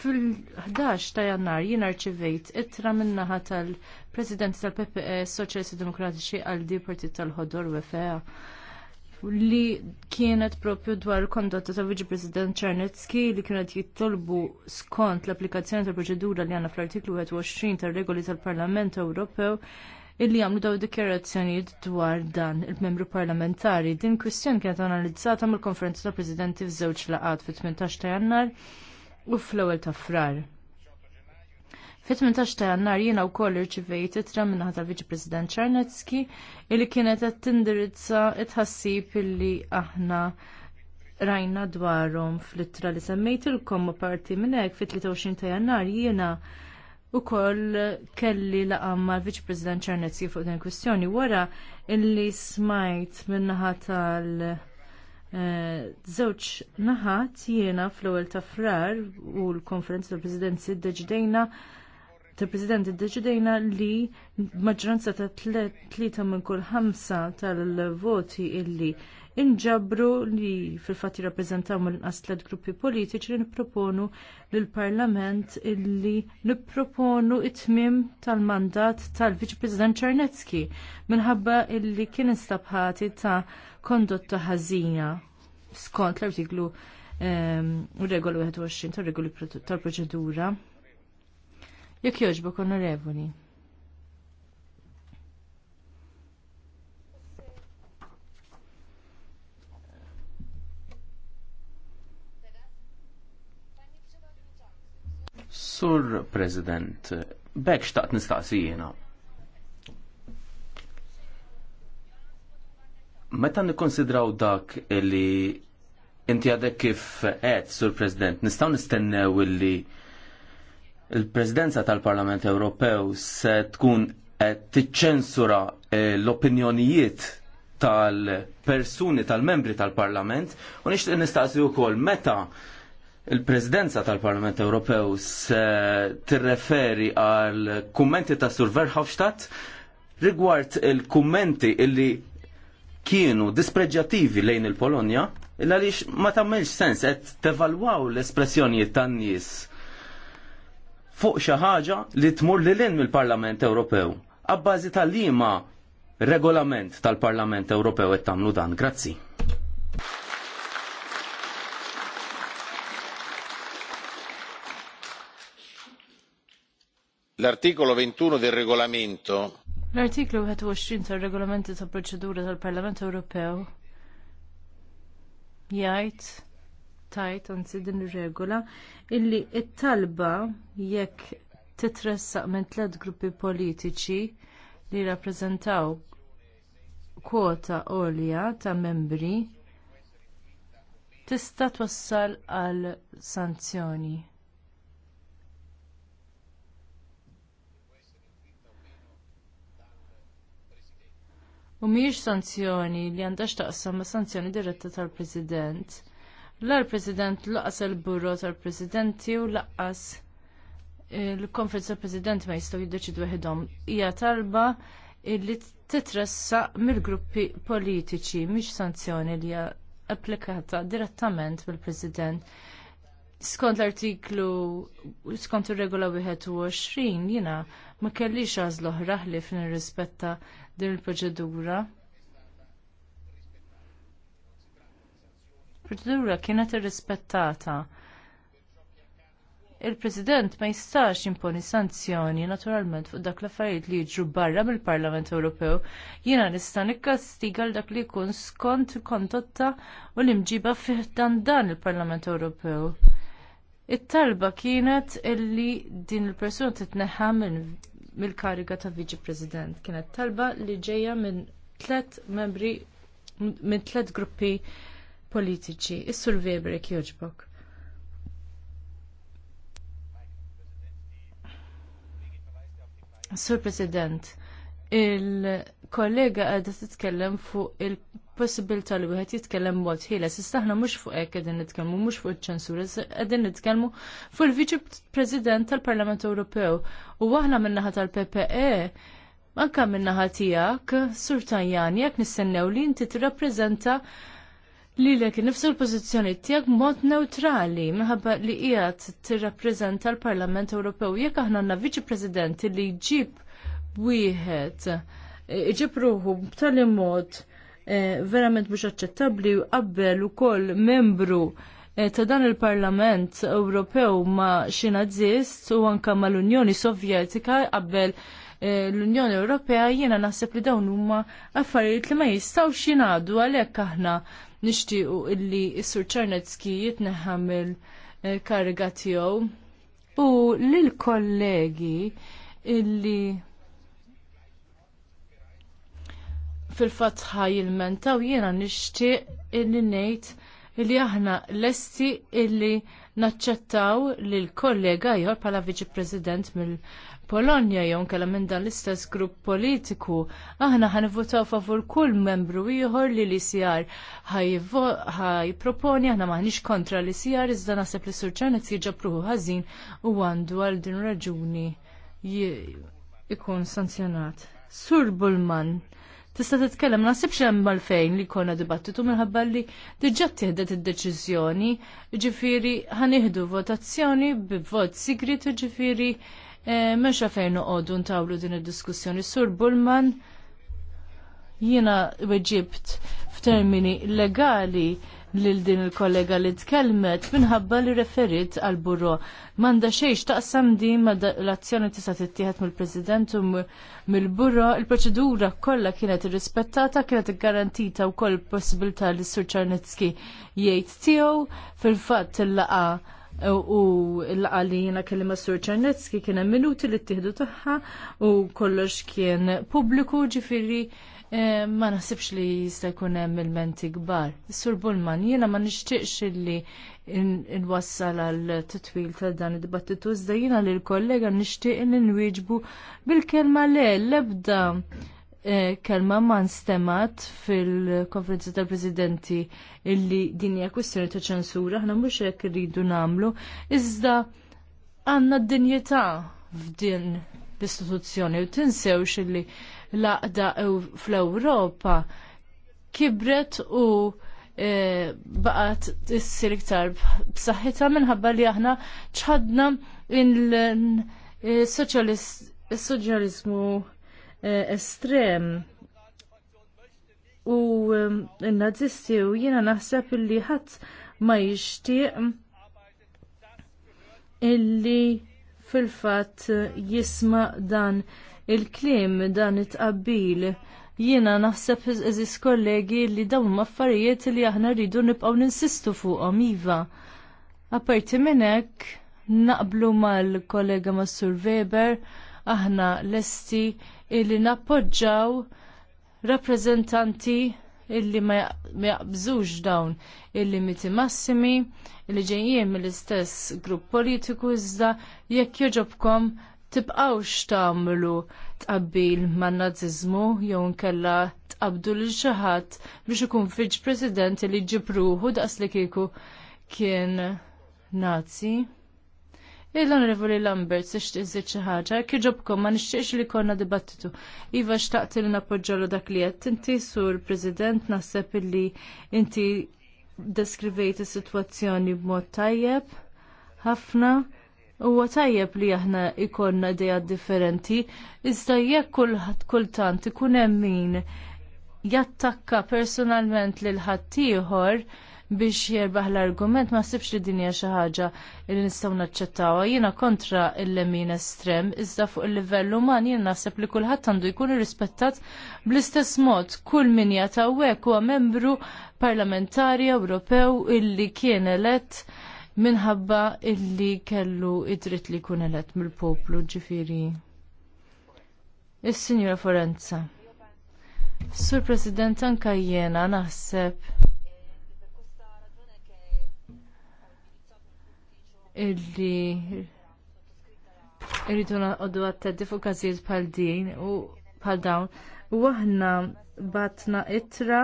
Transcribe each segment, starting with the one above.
Fil-11 ta' jannar jien arċivejt ittra minnaħa tal-President tal pps e, Soċjalisti Demokratiċi għal di Partit tal-Ħodor WFA e li kienet propju dwar kondotta ta' Viġi President Czernetski li kienet jittolbu skont l-applikazzjoni tal-proċedura li għanna fl-artiklu 21 tal-regoli tal-Parlament Ewropew illi għamlu daw dikjerazzjonijiet dwar dan il-membru parlamentari. Din kwistjoni kienet analizzata mill-konferenza ta' presidenti f'żewġ laqat fit-18 ta' jannar u fl-ewwel ta' frar. Fit-18 ta' jannar jiena wkoll irċivejt itra minnaħa tal-Viċi President Czarnecki illi kienet qed tindirizza tħassib illi aħna rajna dwarhom fl-ittra li semmejtilkom u parti minn hekk fit-23 ta' jannar jiena wkoll kelli laqam mal viċi President Czarnecki fuq din kwistjoni wara illi smajt minnaħa tal- Eh, żewġ naħat jiena fl-ewwel ta' frar u l-konferenza tal-Presidenzi d-deġdejna tal-President iddeċidejna li maġġoranza ta' tlieta minn kull ħamsa tal-voti illi inġabru li fil-fatt jirrappreżentaw mill-inqas tliet gruppi politiċi li nipproponu lill-Parlament illi nipproponu it-tmiem tal-mandat tal-Viċi President Czarnecki minħabba illi kien instabħati ta' kondotta ħażina skont l-artiklu ehm, regolu 21 tal-regoli tal-proċedura. Jekk jogħġbok onorevoli. Sur President, bekk xtaqt nistaqsijina. Meta nikkonsidraw dak li inti għadek kif għed, Sur President, nistgħu nistennew illi il-Presidenza tal-Parlament Ewropew se tkun qed tiċċensura eh, l-opinjonijiet tal-persuni tal-membri tal-Parlament u nixtieq nistaqsi wkoll meta il-Presidenza tal-Parlament Ewropew se tirreferi għal kummenti ta' Sur Verhofstadt rigward il-kummenti illi kienu dispreġjattivi lejn il-Polonja, il għaliex ma tammilx sens qed tevalwaw l-espressjonijiet tan-nies fuq xi ħaġa li tmur lil hinn mill-Parlament Ewropew. Abbażi tal-liema regolament tal-Parlament Ewropew qed tagħmlu dan. Grazzi. L-artikolo 21 del regolamento L-artiklu 21 tal-regolamenti tal-proċedura tal-Parlament Ewropew jgħid tajt anzi din ir-regola illi t talba jekk titressaq minn tliet gruppi politiċi li jirrappreżentaw kwota għolja ta' membri tista' twassal għal sanzjoni. U mhijiex sanzjoni li għandha x'taqsam ma' sanzjoni diretta tal-President l-President laqas il-Burro tal-Presidenti u laqas il-Konferenza tal-Presidenti ma jistgħu jiddeċidu waħedhom. Hija talba li titressaq mill-gruppi politiċi mhix sanzjoni li hija applikata direttament mill-President. Skont l-artiklu, skont ir-regola 21 jiena ma kellix għażl oħra li nirrispetta din il-proċedura. il-proċedura kienet irrispettata. Il-President ma jistax imponi sanzjoni naturalment fuq dak l-affarijiet li jiġru barra mill-Parlament Ewropew. Jiena nista' nikkastiga l dak li jkun skont kondotta u l-imġiba fih dan dan il-Parlament Ewropew. It-talba kienet illi din il-persuna titneħħa mill-kariga ta' Viċi President. Kienet talba li ġejja minn tlet membri minn tlet gruppi politiċi. Is-Sur Weber jogħġbok. Sur President, il-kollega għadha titkellem fuq il-possibilità li wieħed jitkellem mod ħieles. Issa aħna mhux fuq hekk qegħdin nitkellmu, mhux fuq iċ-ċensura, qegħdin nitkellmu fuq il-Viċi President tal-Parlament Ewropew. U aħna min-naħa tal-PPE anke min-naħa tiegħek, Sur Tajjan, jekk nistennew li inti tirrappreżenta li l nifsu l-pozizjoni tijak mod neutrali minħabba li ijat t reprezenta l-Parlament Ewropew jek aħna għanna viċi prezidenti li jġib wieħed iġib e, ruħu b'tali mod e, verament mhux aċċettabbli u qabbel ukoll membru e, ta' dan il-Parlament Ewropew ma' xi nazist u anke mal-Unjoni Sovjetika qabel l-Unjoni Ewropea jiena naħseb li dawn huma affarijiet li ma jistgħux jingħadu għalhekk aħna nixtiequ illi s-Sur Czarnecki jitneħħam il-kariga tiegħu u lil kollegi illi fil-fatt ħajilmentaw jiena nixtieq illi ngħid illi aħna lesti illi naċċettaw li l-kollega jħor bħala viċi president mill-Polonja jew kella minn dan l-istess grupp politiku. Aħna ħanivvotaw favur kull membru ieħor li l-ICR ħajproponi aħna maħniex kontra l-ICR iżda naħseb li surċanet Ċanet pruħu ħażin u għandu għal din raġuni ikun sanzjonat. Sur Bulman, tista' titkellem nasibx hemm għalfejn li jkollna dibattitu minħabba li diġà tieħdet id-deċiżjoni, ġifieri ħanieħdu votazzjoni b'vot sigrit ġifieri eh, m'hemmx fejn noqogħdu ntawlu din id-diskussjoni. Sur Bullman jiena weġibt f'termini legali lil din il-kollega li tkellmet minħabba li referit għal burro. Manda xejx taqsam din ma l-azzjoni tista' tittieħed mill-President u mill-burro, il-proċedura kollha kienet irrispettata, kienet garantita wkoll possibilità li Sur Czarnecki jgħid tiegħu fil-fatt il-laqa' u l-għalli jina kellima Sur Czarnecki kien hemm minuti li ttieħdu tagħha u kollox kien pubbliku ġifieri eh, ma naħsibx li jista' jkun hemm il-menti kbar. Sur Bullman, jiena ma nixtieqx li n-wassal għal titwil ta' dan id-dibattitu zda jina li l-kollega nixtieq li nwieġbu bil-kelma le l-ebda Eh, kelma ma nstemat fil-konferenza tal-presidenti illi din hija kwistjoni ta' ċensura, aħna mhux hekk irridu nagħmlu, iżda għandna d dinjità f'din l-istituzzjoni u tinsewx illi laqda fl-Ewropa kibret u eh, baqat issir iktar b'saħħitha minħabba li aħna ċħadna il-soċjalizmu Eh, estrem u n-nazisti u jiena naħseb illi ħadd ma jixtieq illi fil-fatt jisma dan il-klim dan it-qabbil jiena naħseb eżis kollegi li dawn maffarijiet li aħna rridu nibqaw ninsistu fuqhom iva. Apparti minn hekk naqblu mal-kollega Massur Weber aħna lesti illi nappoġġaw rappreżentanti illi ma jaqbżux dawn il-limiti massimi illi ġejjien mill-istess grupp politiku iżda jekk joġobkom tibqawx tagħmlu tqabbil man-naziżmu jew nkella tqabdu lil xi ħadd biex ikun fiġ president li ġibruħu daqs li kieku kien nazi. Il-Onorevoli Lambert, siex tiżid xi ħaġa, kieġobkom ma nixtieqx li konna dibattitu. Iva xtaqt li nappoġġalu dak li qed inti sur President naħseb illi inti deskrivejt is-sitwazzjoni b'mod tajjeb ħafna. Huwa tajjeb li aħna ikonna idea differenti, iżda jekk kultant ikun hemm min jattakka personalment lil ħaddieħor, ieħor biex jirbaħ l-argument ma sibx li dinja xi ħaġa li nistgħu naċċettawha. Jiena kontra l-lemin estrem, iżda fuq il-livell uman jiena naħseb li kulħadd għandu jkun irrispettat bl-istess mod kull min jatawek huwa membru parlamentari Ewropew illi kien elett minħabba illi kellu id-dritt li jkun elett mill-poplu ġifiri. Is-Sinjura Forenza. Sur President anka jiena naħseb illi irridu naqoddu għattaddi fuq każijiet bħal din u bħal dawn. U aħna batna itra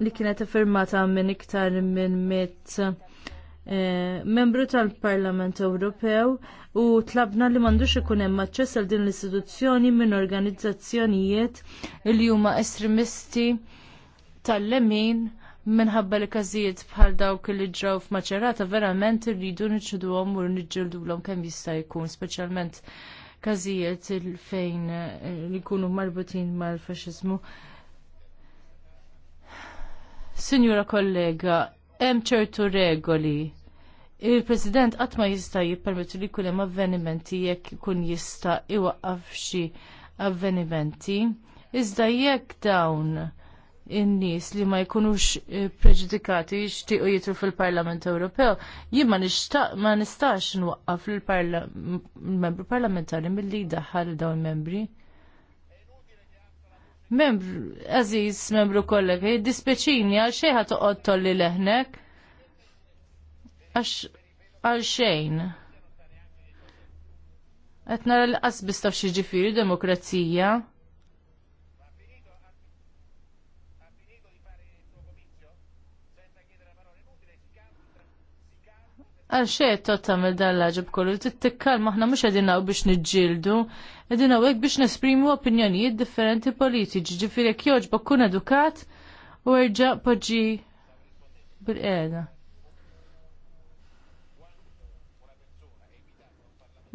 li kienet affirmata minn iktar minn mit eh, membru tal-Parlament Ewropew u tlabna li m'għandux ikun hemm aċċess għal din l-istituzzjoni minn organizzazzjonijiet li huma estremisti tal-lemin minħabba li każijiet bħal dawk li ġraw f'Maċerata verament irridu niċċuduhom u l-għom kemm jista' jkun, speċjalment każijiet fejn eh, li jkunu marbutin mal-faxizmu. Sinjura kollega, hemm ċertu regoli il-President qatt ma jista' jippermettu li jkun hemm avvenimenti jekk ikun jista' iwaqqaf xi avvenimenti. Iżda jekk dawn in-nies li ma jkunux eh, preġudikati jixtiequ jitru fil-Parlament Ewropew, jien ma nixtaq ma nistax nwaqqaf il membru parlamentari milli jdaħħal dawn membri. Membru, aziz membru kollega, dispeċini għal xejn toqgħod tolli leħnek. għal xejn. Qed nara l qas taf xi demokrazija. Għal xejn tot tagħmel dan l-ħaġa kollu t-tikkal maħna mhux qegħdin hawn biex niġġieldu, qegħdin hawnhekk biex nesprimu opinjonijiet differenti politiċi, ġifieri jekk jogħġbok kun edukat u għerġa poġġi bil għeda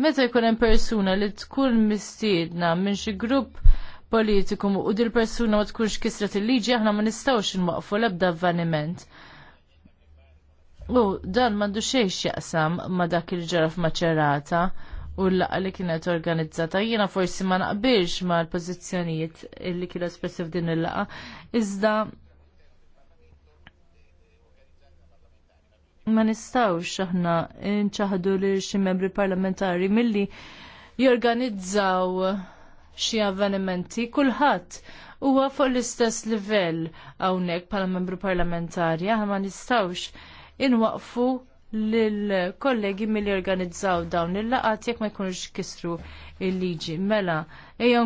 Meta jkun hemm persuna li tkun mistiedna minn xi grupp politiku u dil persuna ma tkunx kisret il-liġi aħna ma nistgħux inwaqfu l-ebda avveniment. U dan mandu xiex jaqsam ma dak il-ġara f'maċerata u l-laqqa li kienet organizzata. Jiena forsi ma naqbilx ma l-pozizjonijiet li kienet espressi f'din il-laqqa. Iżda ma nistawx aħna nċaħdu li xi membri parlamentari milli jorganizzaw xi avvenimenti kulħadd huwa fuq l-istess livell hawnhekk bħala membru parlamentari aħna ma nistawx inwaqfu lill-kollegi milli jorganizzaw dawn il laqgħat jekk ma jkunux kisru il-liġi. Mela, ejja